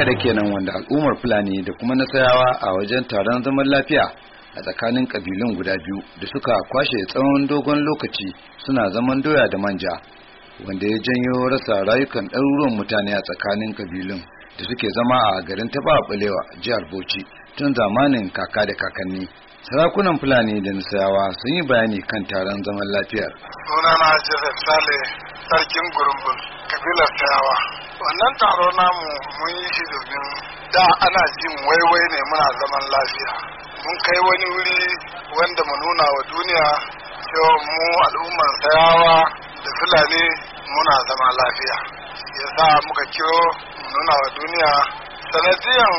da kenan wanda al'ummar fulani da kuma nasarawa a wajen taron zaman lafiya a tsakanin kabilun guda biyu da suka kwashe tsawon dogon lokaci suna zaman doya da manja wanda ya janyo rasa rayukan ɗaruruwan mutane a tsakanin kabilun da suke zama a garin taba balewa jihar bauchi tun zamanin kaka da kakanni sarakunan fulani da nasarawa sun yi bayani kan taron zaman lafiyar sunana sale sarkin kabilar wannan taro namu mun yi shi domin da ana jin waiwai ne muna zaman lafiya mun kai wani wuri wanda mu nuna wa duniya cewa mu al'ummar sayawa da fulani muna zama lafiya ya sa muka kiro mu nuna wa duniya sanadiyan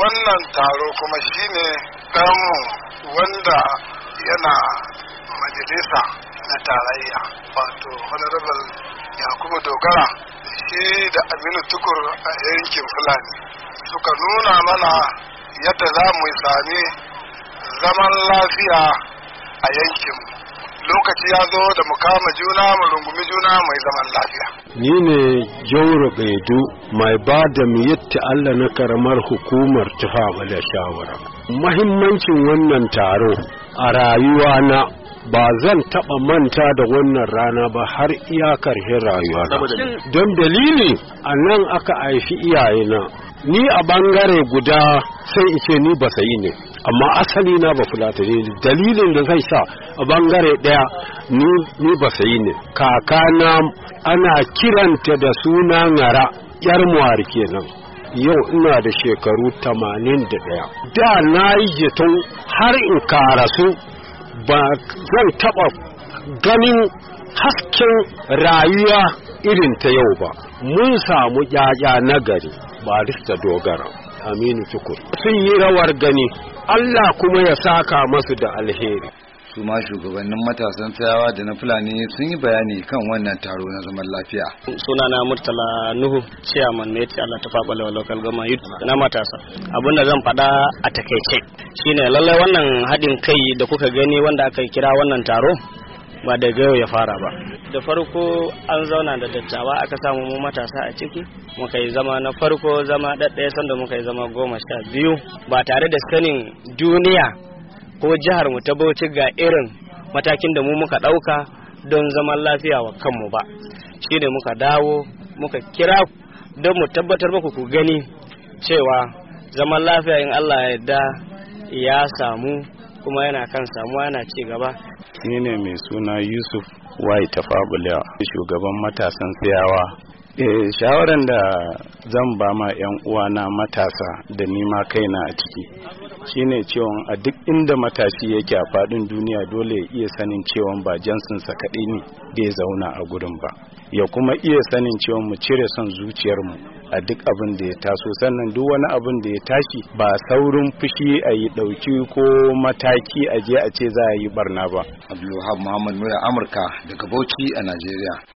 wannan taro kuma shine ɗanmu wanda yana majalisa na tarayya wato honorable yakubu dogara ni da aminu tukur a yankin fulani suka nuna mana yadda za mu sami zaman lafiya a yankin lokaci ya zo da mu kama juna mu rungumi juna mai zaman lafiya ni ne jauro gaidu mai ba da miyatta allah na karamar hukumar tufa da shawara mahimmancin wannan taro a rayuwa na ba zan taɓa manta da wannan rana ba har iyakar rayuwa don dalili a nan aka haifi iyayena ni a bangare guda sai ice ni ba sayi ne amma asali na ba ne dalilin da zai sa a bangare ɗaya ni ba sayi ne kakana ana kiranta da suna ngara yar muwar kenan yau ina da shekaru 81 da na yi jeton har in karasu ba zan taɓa ganin hasken rayuwa irin ta yau ba mun samu yaya nagari barista dogara aminu tukur sun yi rawar gani allah kuma ya saka masu da alheri su ma shugabannin matasan tsayawa da na fulani sun yi bayani kan wannan taro na zaman lafiya Suna na murtala nuhu ciyaman ne ta Allah ta fabala local government na matasa abin da zan faɗa a takaice shine lallai wannan haɗin kai da kuka gani wanda aka kira wannan taro ba da gayo ya fara ba da farko an zauna da dattawa aka samu mu matasa a ciki muka yi zama na farko zama ɗaɗɗaya sanda muka yi zama goma sha biyu ba tare da sanin duniya ko jihar mu ta Bauchi ga irin matakin da mu muka ɗauka don zaman lafiya wa kanmu ba shi ne muka dawo muka kira don mu tabbatar muku ku gani cewa zaman lafiya in Allah ya yarda ya samu kuma yana kan samuwa yana ci gaba ni ne mai suna Yusuf Wai Tafabula shugaban matasan siyawa e, shawaran da zan ba ma 'yan uwana matasa da nima kaina a ciki shine cewon a duk inda matashi yake a fadin duniya dole ya iya sanin cewon ba jansinsa kaɗai ne da zauna a gurin ba ya kuma iya sanin cewon mu cire son zuciyar mu a duk abin da ya taso sannan duk wani abin da ya tashi ba saurin fushi a yi ɗauki ko mataki a je a ce za a yi barna ba abdulhab muhammad mura amurka daga bauchi a najeriya